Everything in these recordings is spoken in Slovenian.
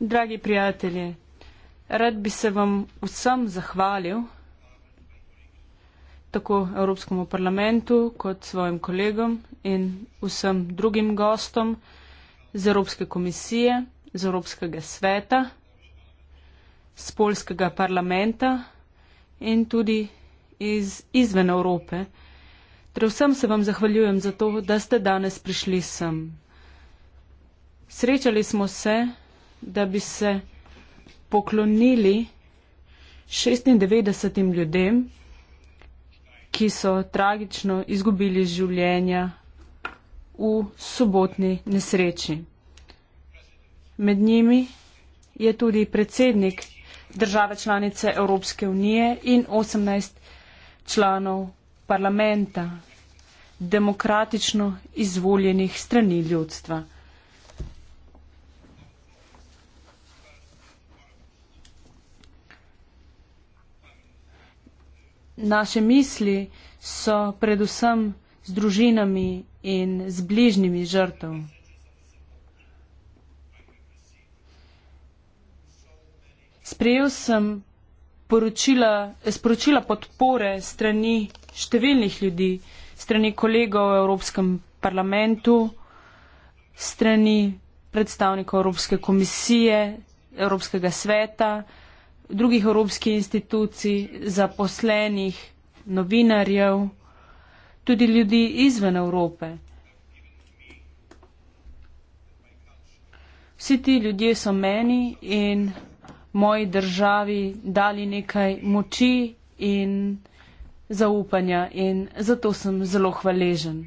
Dragi prijatelji, rad bi se vam vsem zahvalil, tako Evropskemu parlamentu kot svojim kolegom in vsem drugim gostom z Evropske komisije, z Evropskega sveta, z Poljskega parlamenta in tudi iz izven Evrope. Predvsem se vam zahvaljujem za to, da ste danes prišli sem. Srečali smo se, da bi se poklonili 96 ljudem, ki so tragično izgubili življenja v sobotni nesreči. Med njimi je tudi predsednik države članice Evropske unije in 18 članov parlamenta, demokratično izvoljenih strani ljudstva. Naše misli so predvsem z družinami in z bližnjimi žrtev. Sprejel sem sporočila, sporočila podpore strani številnih ljudi, strani kolegov v Evropskem parlamentu, strani predstavnikov Evropske komisije, Evropskega sveta, drugih evropskih institucij, zaposlenih, novinarjev, tudi ljudi izven Evrope. Vsi ti ljudje so meni in moji državi dali nekaj moči in zaupanja in zato sem zelo hvaležen.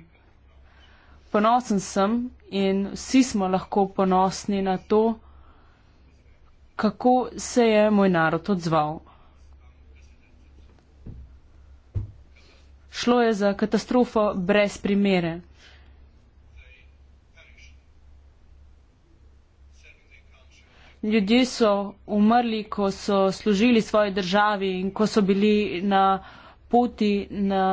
Ponosen sem in vsi smo lahko ponosni na to, kako se je moj narod odzval. Šlo je za katastrofo brez primere. ljudje so umrli, ko so služili svoji državi in ko so bili na poti na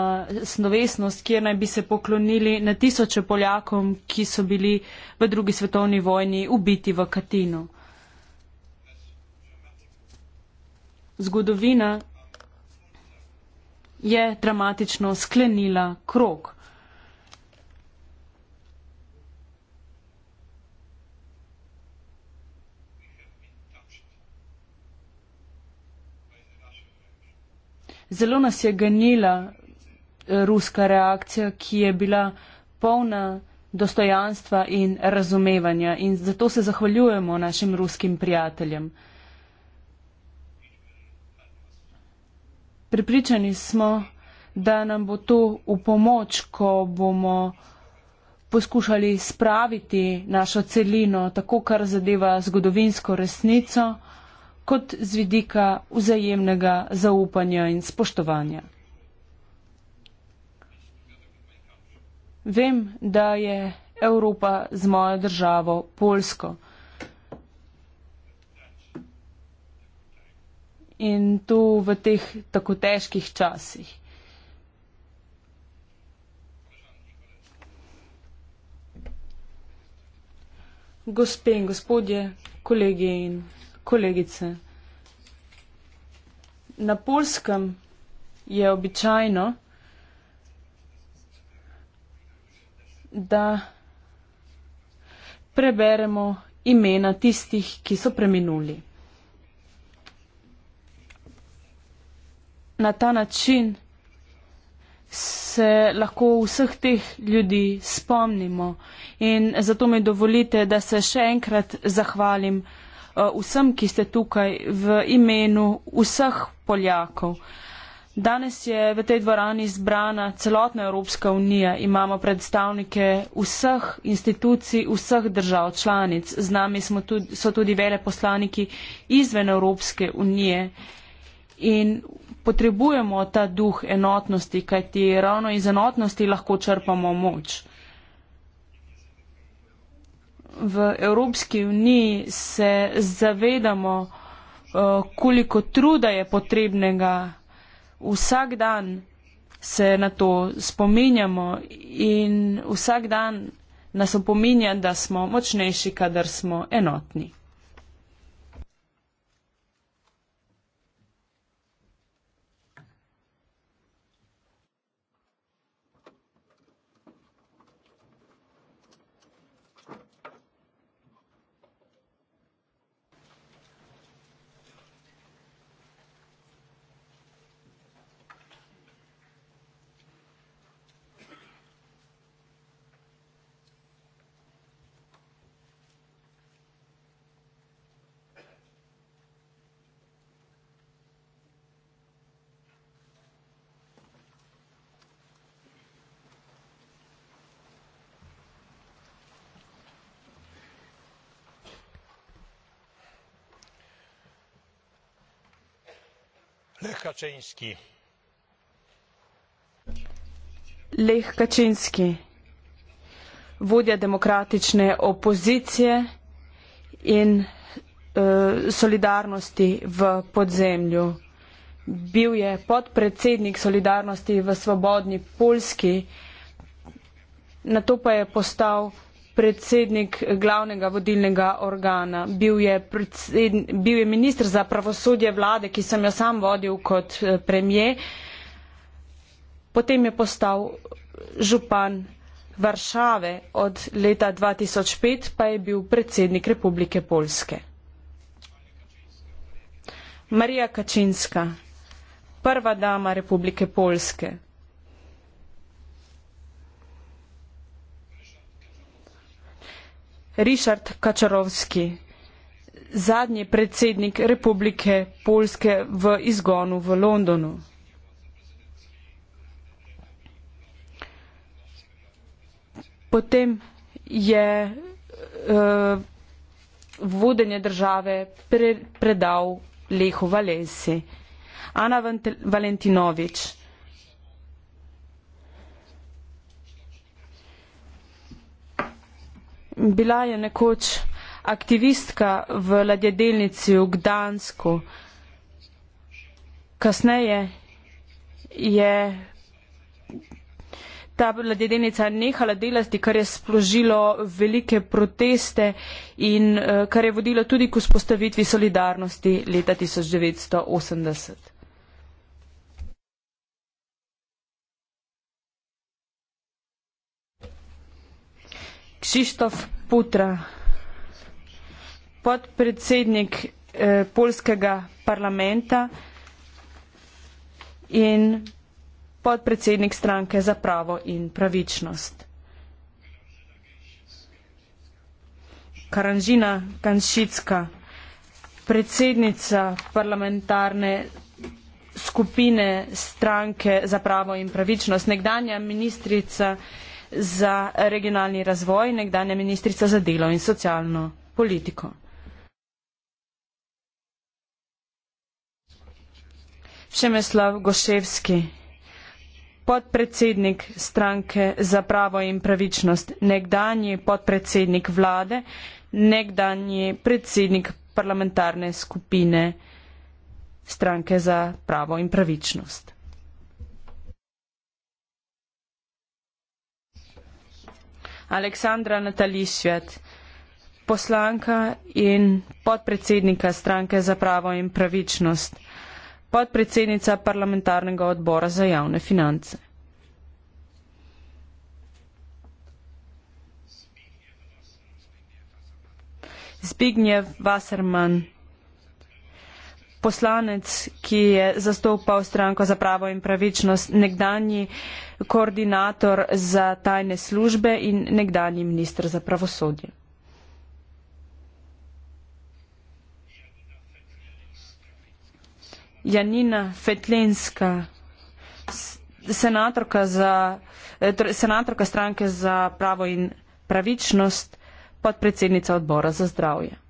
snovesnost, kjer naj bi se poklonili na tisoče Poljakom, ki so bili v drugi svetovni vojni ubiti v Katinu. Zgodovina je dramatično sklenila krok. zelo nas je ganila eh, ruska reakcija, ki je bila polna dostojanstva in razumevanja in zato se zahvaljujemo našim ruskim prijateljem. Pripričani smo, da nam bo to v pomoč, ko bomo poskušali spraviti našo celino, tako kar zadeva zgodovinsko resnico, kot z vidika vzajemnega zaupanja in spoštovanja. Vem, da je Evropa z mojo državo Polsko. In to v teh tako težkih časih. Gospe in gospodje, kolegi in kolegice. Na polskem je običajno, da preberemo imena tistih, ki so preminuli. Na ta način se lahko vseh teh ljudi spomnimo in zato mi dovolite, da se še enkrat zahvalim. Eh, vsem, ki ste tukaj v imenu vseh Poljakov. Danes je v tej dvorani zbrana celotna Evropska unija. Imamo predstavnike vseh institucij, vseh držav članic. Z nami tudi, so tudi vele poslaniki izven Evropske unije. In potrebujemo ta duh enotnosti, kajti ravno iz enotnosti lahko črpamo moč v Evropski uniji se zavedamo, eh, koliko truda je potrebnega. Vsak dan se na to spominjamo in vsak dan nas opominja, da smo močnejši, kadar smo enotni. Kaczyński. Lech Kaczyński, vodja demokratične opozicije in uh, solidarnosti v podzemlju. Bil je podpredsednik solidarnosti v svobodni Polski, na to pa je postal predsednik glavnega vodilnega organa, bil je, bil je minister za pravosodje vlade, ki sem jo sam vodil kot eh, premije, potem je postal župan Varšave od leta 2005, pa je bil predsednik Republike Polske. Marija Kačinska, prva dama Republike Polske. Richard Kačarovski, zadnji predsednik Republike Polske v izgonu v Londonu. Potem je uh, vodenje države pre, predal Lehu Valensi, Ana Valentinovič. Bila je nekoč aktivistka v ladjedelnici v Gdansku. Kasneje je ta ladjedelnica nehala delati, kar je splužilo velike proteste in eh, kar je vodilo tudi k vzpostavitvi solidarnosti leta 1980. Krzysztof Putra, podpredsednik eh, polskega parlamenta in podpredsednik stranke za pravo in pravičnost. Karanžina Kanšicka, predsednica parlamentarne skupine stranke za pravo in pravičnost, nekdanja ministrica za regionalni razvoj, nekdanja ministrica za delo in socialno politiko. Šemeslav Goševski, podpredsednik stranke za pravo in pravičnost, nekdanji podpredsednik vlade, nekdanji predsednik parlamentarne skupine stranke za pravo in pravičnost. Aleksandra Natališvet, poslanka in podpredsednika stranke za pravo in pravičnost, podpredsednica parlamentarnega odbora za javne finance. Zbigniew Wasserman. Zbigniew Wasserman poslanec, ki je zastopal stranko za pravo in pravičnost, nekdanji koordinator za tajne službe in nekdanji ministr za pravosodje. Janina Fetlinska, senatorka, za, eh, torej senatorka stranke za pravo in pravičnost, podpredsednica odbora za zdravje.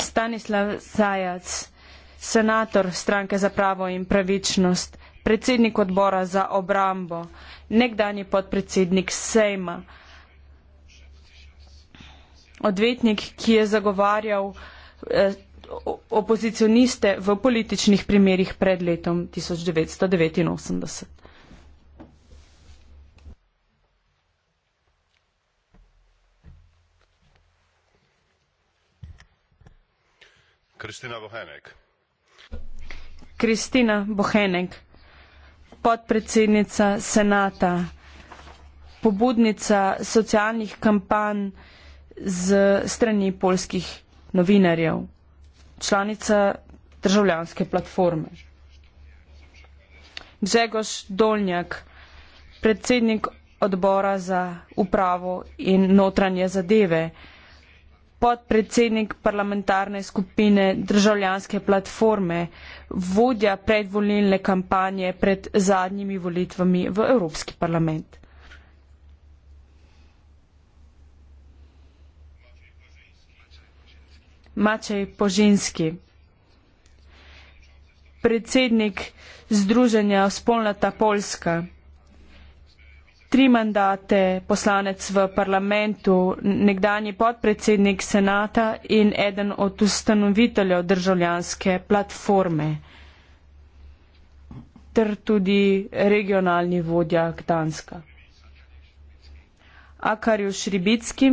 Stanislav Zajac, senator stranke za pravo in pravičnost, predsednik odbora za obrambo, nekdani podpredsednik Sejma, odvetnik, ki je zagovarjal eh, opozicioniste v političnih primerjih pred letom 1989. Kristina Bohenek. Kristina Bohenek, podpredsednica senata, pobudnica socialnih kampanj z strani polskih novinarjev, članica državljanske platforme. Gžegoš Dolnjak, predsednik odbora za upravo in notranje zadeve, podpredsednik parlamentarne skupine državljanske platforme, vodja predvolilne kampanje pred zadnjimi volitvami v Evropski parlament. Mačej Poženski, predsednik Združenja Spolnata Polska tri mandate poslanec v parlamentu, nekdanji podpredsednik senata in eden od ustanoviteljev državljanske platforme ter tudi regionalni vodja Gdanska. Akarju Šribicki,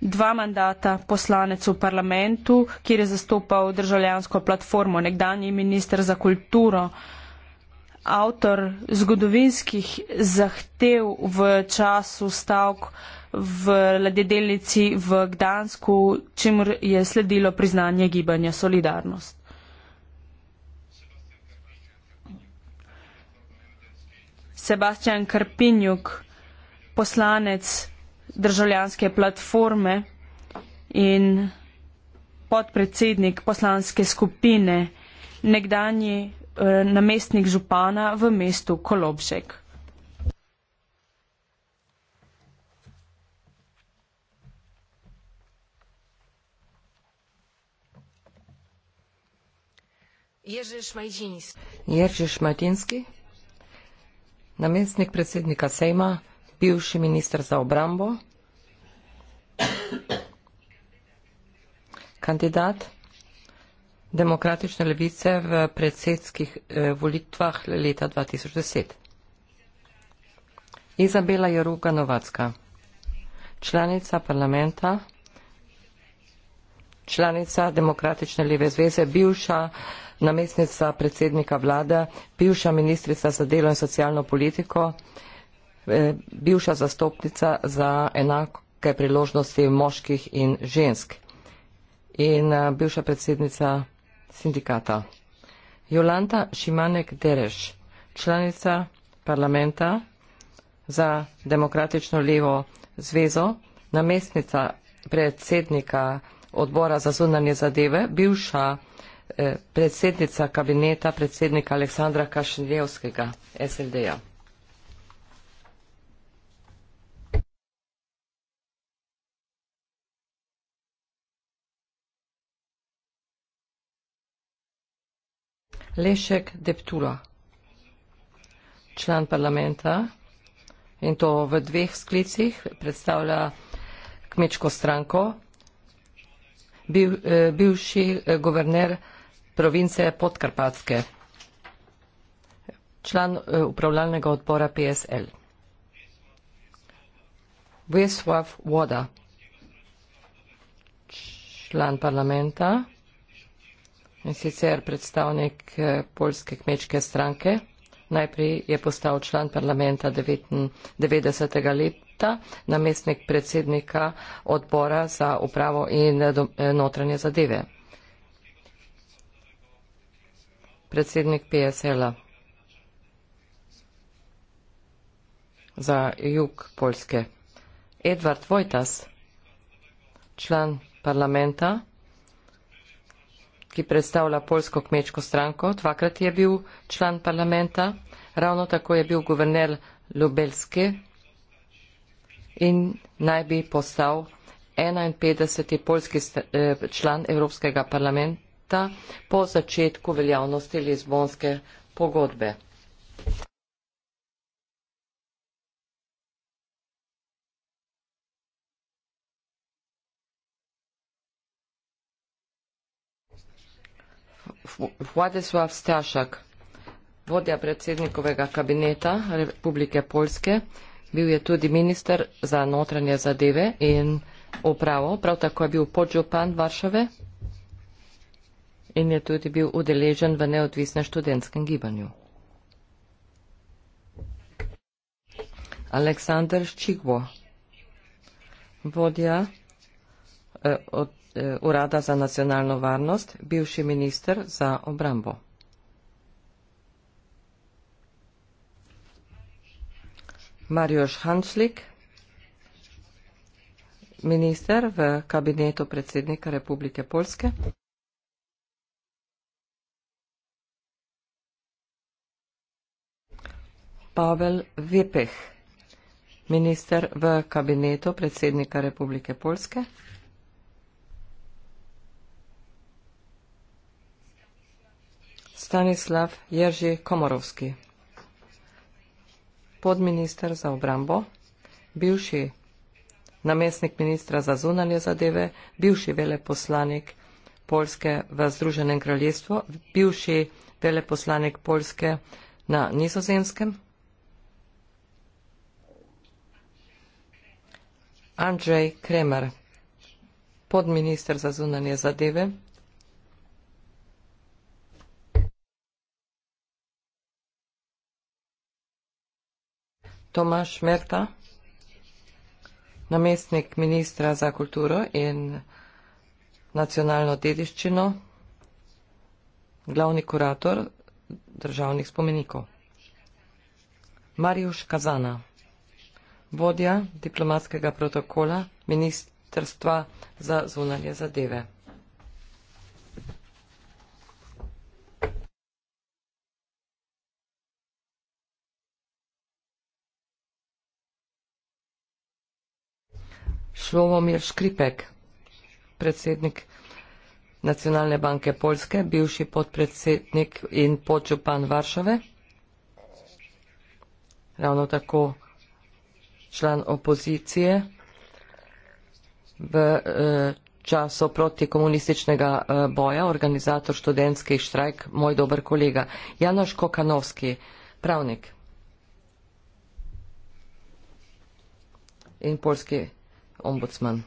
dva mandata poslanec v parlamentu, kjer je zastopal državljansko platformo, nekdanji minister za kulturo, avtor zgodovinskih zahtev v času stavk v ladjedelnici v Gdansku, čemu je sledilo priznanje gibanja Solidarnost. Sebastian Karpinjuk, poslanec državljanske platforme in podpredsednik poslanske skupine, nekdanji Eh, namestnik župana v mestu Kolobšek. Ježiš Majdinski, namestnik predsednika Sejma, bivši minister za obrambo, kandidat demokratične levice v predsedskih eh, volitvah leta 2010. Izabela Jeruga Novacka, članica parlamenta, članica demokratične leve zveze, bivša namestnica predsednika vlade, bivša ministrica za delo in socialno politiko, eh, bivša zastopnica za enake priložnosti moških in žensk in eh, bivša predsednica sindikata. Jolanta Šimanek-Dereš, članica parlamenta za demokratično levo zvezo, namestnica predsednika odbora za zunanje zadeve, bivša eh, predsednica kabineta predsednika Aleksandra Kašnjevskega, SLD-ja. Lešek Deptula, član parlamenta in to v dveh sklicih, predstavlja kmečko stranko, Biv, eh, bivši eh, guverner province Podkarpatske, član eh, upravljalnega odbora PSL. Vesvav Voda, član parlamenta, in sicer predstavnik eh, Poljske kmečke stranke. Najprej je postal član parlamenta 90. leta, namestnik predsednika odbora za upravo in eh, eh, notranje zadeve. Predsednik PSL-a za jug Poljske. Edward Vojtas, član parlamenta ki predstavlja polsko kmečko stranko, dvakrat je bil član parlamenta, ravno tako je bil guverner Lubelske in naj bi postal 51. polski eh, član Evropskega parlamenta po začetku veljavnosti Lizbonske pogodbe. Władysław Staszak, vodja predsednikovega kabineta Republike Polske, bil je tudi minister za notranje zadeve in upravo, prav tako je bil podžupan Varšave in je tudi bil udeležen v neodvisnem študentskem gibanju. Aleksandr Ščigvo, vodja eh, od Eh, Urada za nacionalno varnost, bivši minister za obrambo. Marjoš Hanšlik, minister v kabinetu predsednika Republike Polske. Pavel Vipeh, minister v kabinetu predsednika Republike Polske. Stanislav Jerži Komorovski, podminister za obrambo, bivši namestnik ministra za zunanje zadeve, bivši veleposlanik Polske v Združenem kraljestvu, bivši veleposlanik Polske na Nizozemskem, Andrej Kremer, podminister za zunanje zadeve, Tomaš Merta, namestnik ministra za kulturo in nacionalno dediščino, glavni kurator državnih spomenikov. Marjuš Kazana, vodja diplomatskega protokola ministrstva za zunanje zadeve. Slovomir Škripek, predsednik Nacionalne banke Poljske, bivši podpredsednik in podčupan Varšave, ravno tako član opozicije v eh, času protikomunističnega eh, boja, organizator študentskih štrajk, moj dober kolega Janoš Kokanovski, pravnik in poljski ombudsman.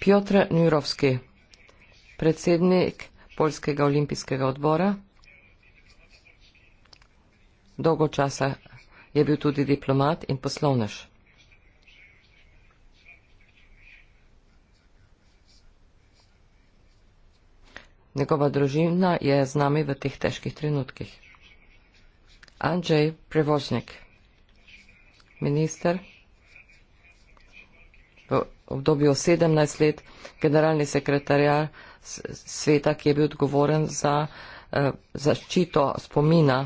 Piotr Njurovski, predsednik Polskega olimpijskega odbora, dolgo časa je bil tudi diplomat in poslovnež. Njegova družina je z nami v teh težkih trenutkih. Andrzej Prevoznik, minister obdobju 17 let generalni sekretarjar sveta, ki je bil odgovoren za eh, zaščito spomina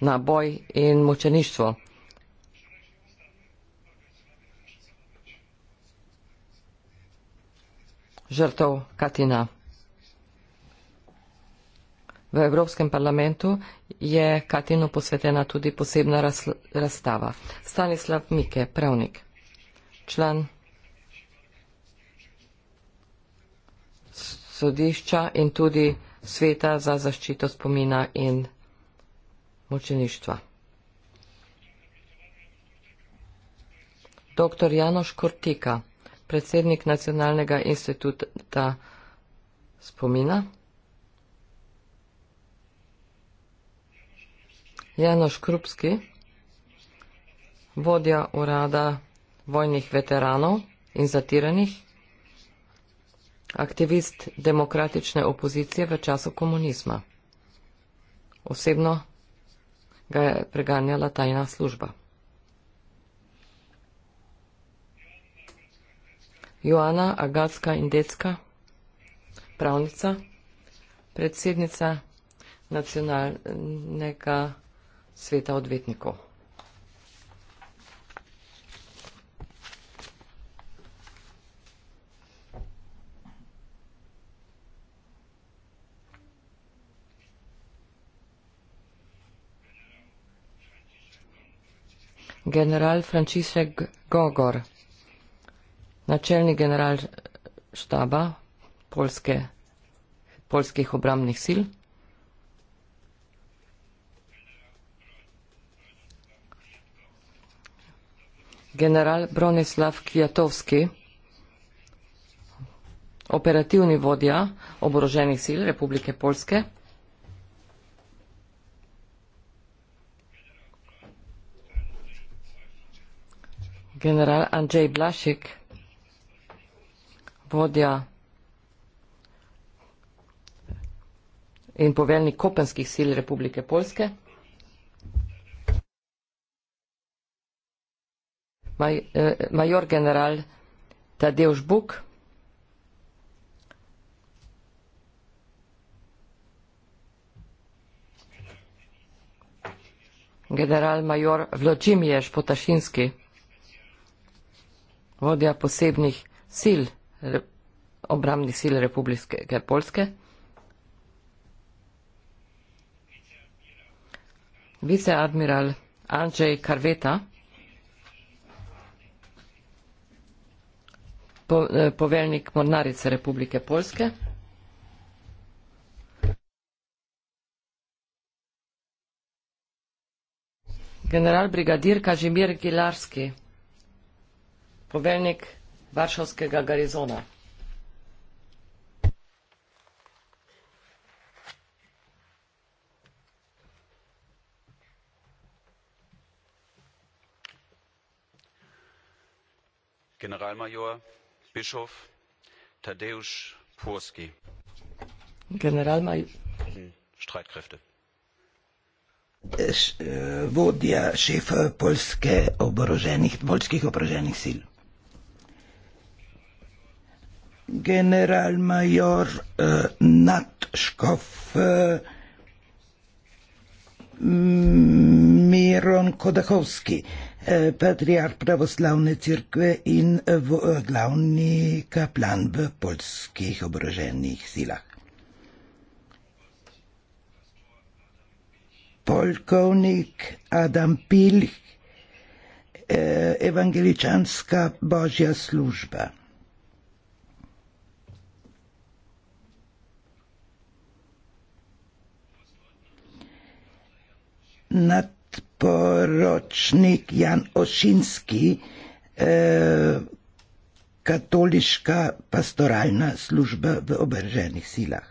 na boj in močeništvo. žrtov Katina. V Evropskem parlamentu je Katinu posvetena tudi posebna razstava. Stanislav Mike, pravnik člen sodišča in tudi sveta za zaščito spomina in mučeništva. Dr. Janoš Kurtika, predsednik Nacionalnega instituta spomina. Janoš Krupski, vodja urada vojnih veteranov in zatiranih, aktivist demokratične opozicije v času komunizma. Osebno ga je preganjala tajna služba. Joana Agatska Indecka, pravnica, predsednica nacionalnega sveta odvetnikov. general Frančišek Gogor, načelni general štaba Polske, polskih obramnih sil. General Bronislav Kvjatovski, operativni vodja oboroženih sil Republike Polske. general Andrzej Blasik, vodja in poveljnik kopenskih sil Republike Polske. Eh, major general Tadeusz Buk, general major Vlodzimierz Potaszynski, vodja posebnih sil, obramnih sil Republike Polske. Viceadmiral Andrzej Karveta e, poveljnik mornarice Republike Polske. General brigadir Kažimir Gilarski, poveljnik Varšavskega garizona. Generalmajor Bischof Tadeusz Purski. Generalmajor. Eh, vodja šefa polske oboroženih, polskih oboroženih sil generalmajor uh, eh, Natškov, uh, eh, Miron Kodakovski, uh, eh, patriarh pravoslavne cerkve in v, uh, glavni kaplan v polskih oboroženih silah. Polkovnik Adam Pilh, evangeličanska božja služba. nadporočnik Jan Ošinski, eh, katoliška pastoralna služba v obrženih silah.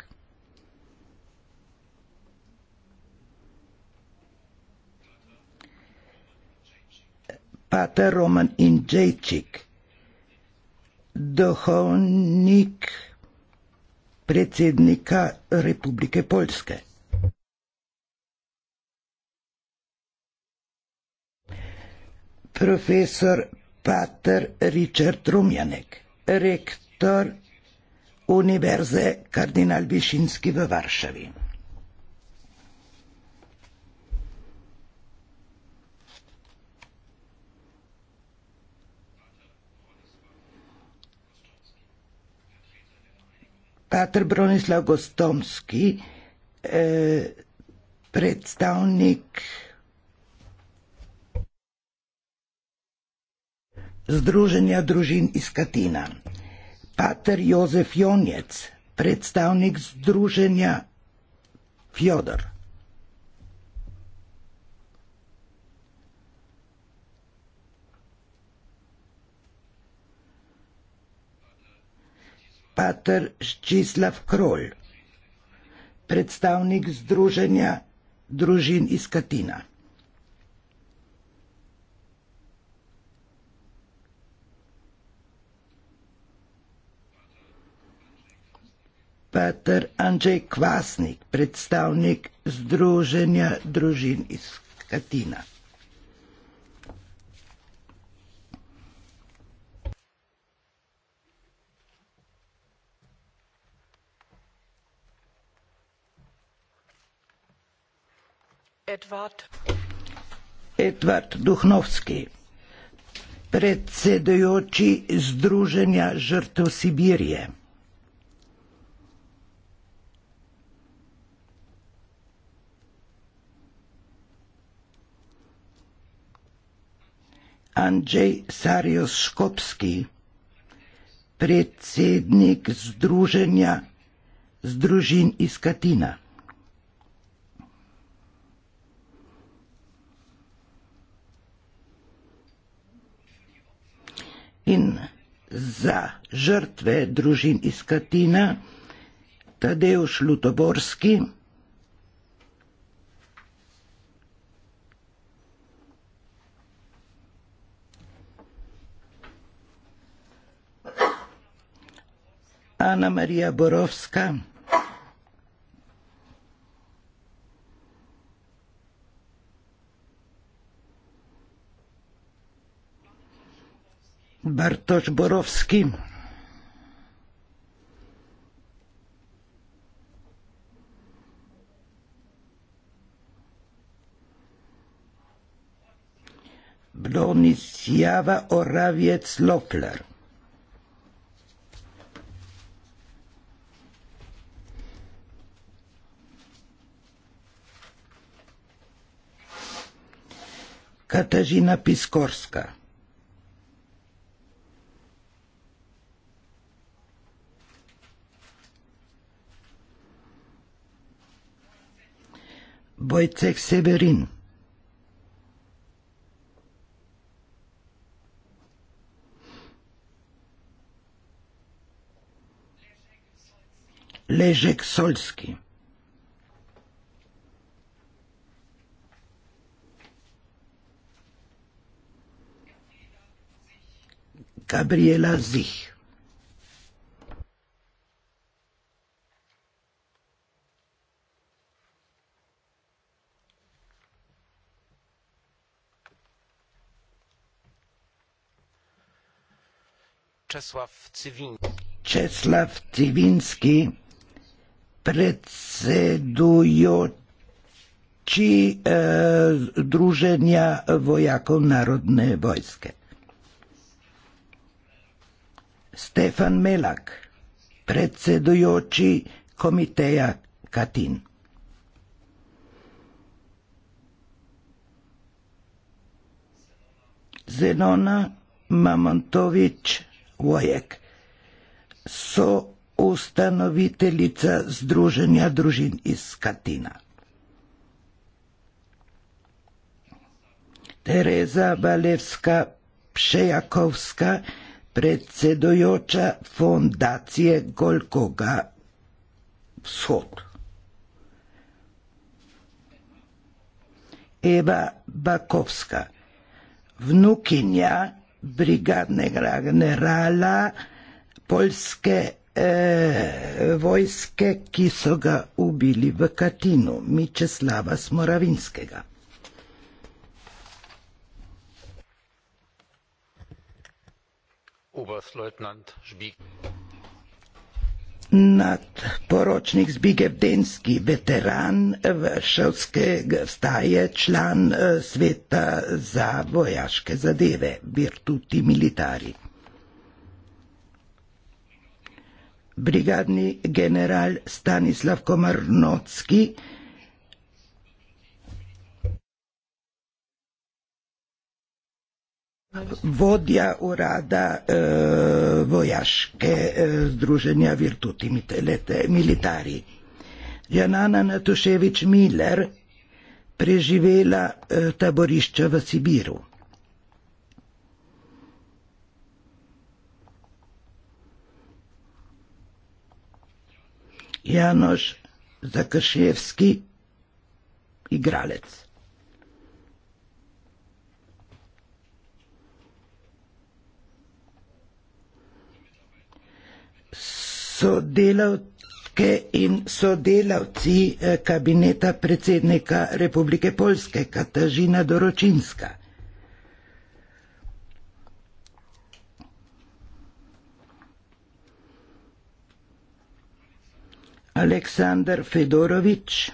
Pater Roman Injejčik, duhovnik predsednika Republike Polske. profesor Pater Richard Rumjanek, rektor Univerze kardinal Višinski v Varšavi. Pater Bronislav Gostomski, eh, predstavnik Združenja družin iz Katina. Pater Jozef Jonjec, predstavnik Združenja Fjodor. Pater Ščislav Krol, predstavnik Združenja družin iz Katina. Pater Andrzej Kvasnik, predstavnik Združenja družin iz Katina. Edvard Duhnovski, predsedujoči Združenja žrtev Sibirije. Andrzej Sarios Škopski, predsednik Združenja Združin iz Katina. In za žrtve družin iz Katina, Tadeusz Lutoborski. Ana Maria Borowska. Bartosz Borowski. Blonis Jawa Orawiec Lofler. Katarzyna Piskorska. Bojcek Severin. Ležek Solski. Ležek Solski. Gabriela Sich. Czesław Cywiński. Czesław Cywiński, precedujący e, Združenia Wojaków Narodne Wojskie. Stefan Melak, predsedujoči komiteja Katin. Zenona Mamontovič Vojek, so ustanoviteljica Združenja družin iz Katina. Tereza Balevska Pšejakovska je predsedujoča fondacije Golkoga Vzhod. Eva Bakovska, vnukinja brigadnega generala polske eh, vojske, ki so ga ubili v Katinu, Mičeslava Smoravinskega. Leutnant Nad poročnik Zbigev Denski, veteran Vršovskega staje, član eh, sveta za vojaške zadeve, virtuti militari. Brigadni general Stanislav Komarnocki, vodja urada e, vojaške e, združenja Virtuti Mitelete Militari. Janana Natuševič Miller preživela e, taborišča v Sibiru. Janoš Zakrševski, igralec. sodelavke in sodelavci eh, kabineta predsednika Republike Polske Katažina Doročinska. Aleksandar Fedorovič.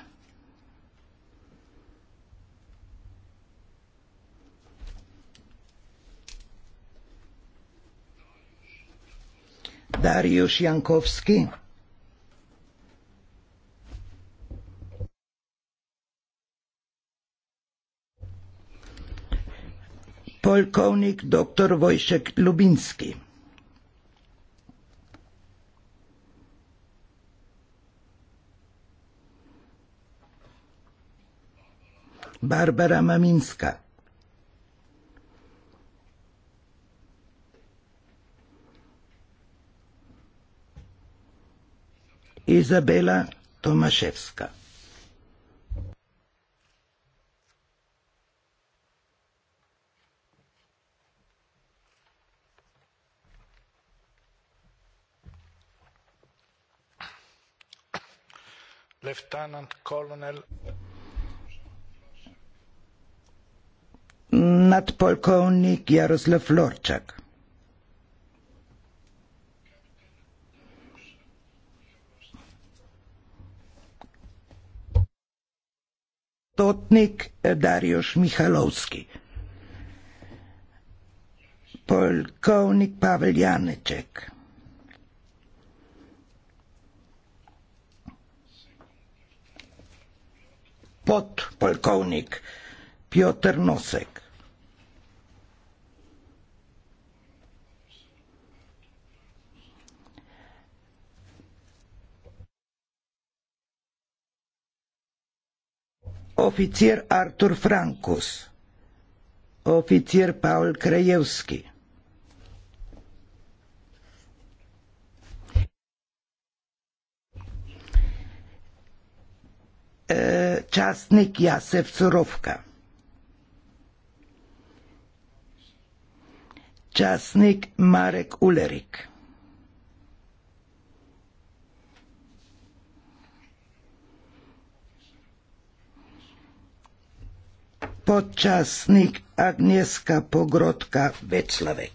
Dariusz Jankowski. Polkownik dr Wojszek Lubiński. Barbara Mamińska. Izabela Tomaševska. Lieutenant Colonel. Nadpolkovnik Jaroslav Lorčak. Totnik Darius Mihalovski. Polkovnik Pavel Janeček. Podpolkovnik Piotr Nosek. oficir Artur Frankus, oficir Paul Krajewski. E, častnik Jasef Surovka, častnik Marek Ulerik. podčasnik Agneska Pogrodka Večlavek.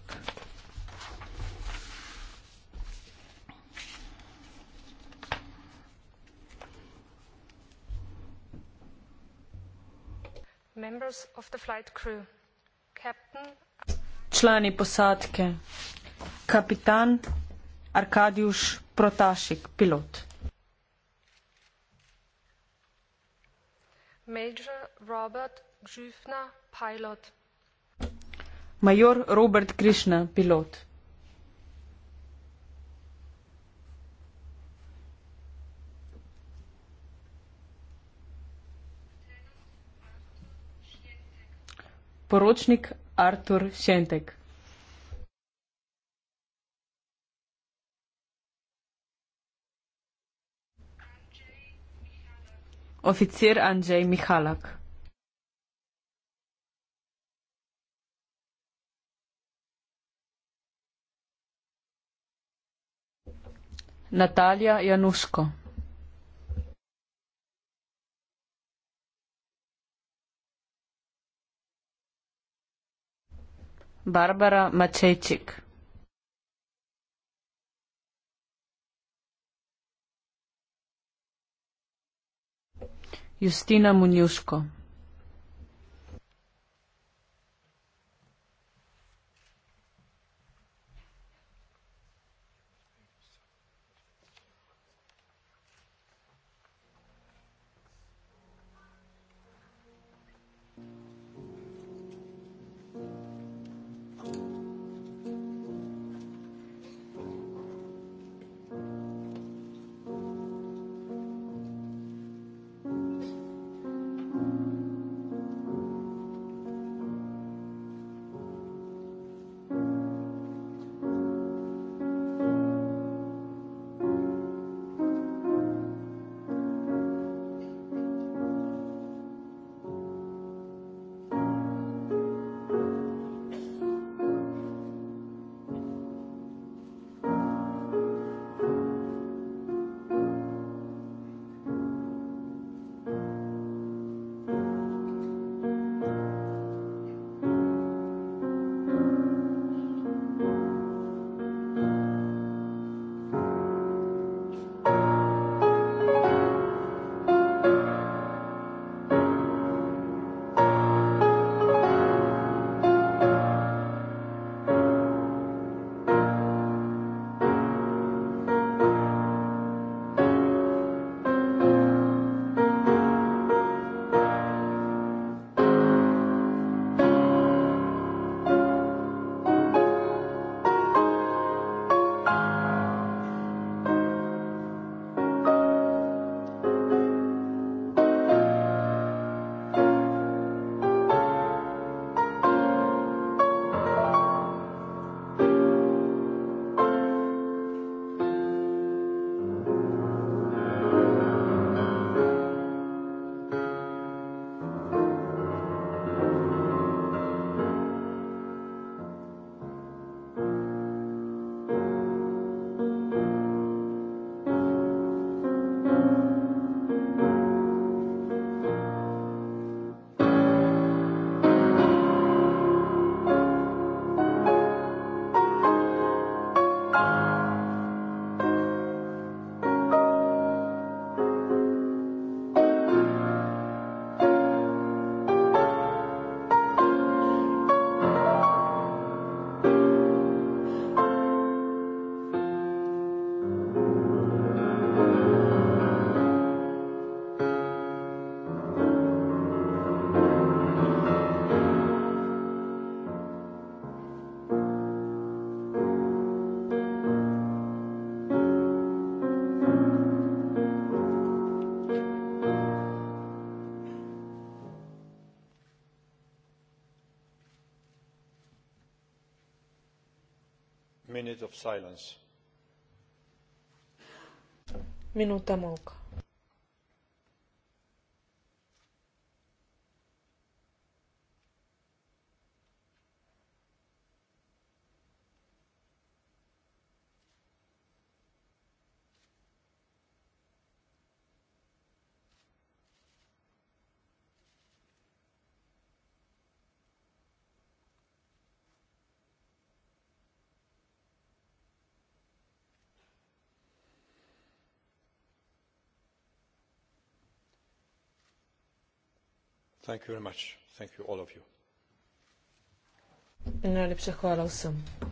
Člani posadke, kapitan Arkadijus Protašik, pilot. Major Robert Grishna, pilot. Major Robert Krishna, pilot. Poročnik Artur Šentek. Oficir Andrzej Michalak. Natalija Januško. Barbara Mačejčik. Justina Munjuško. minute of silence minuta molka thank you very much thank you all of you.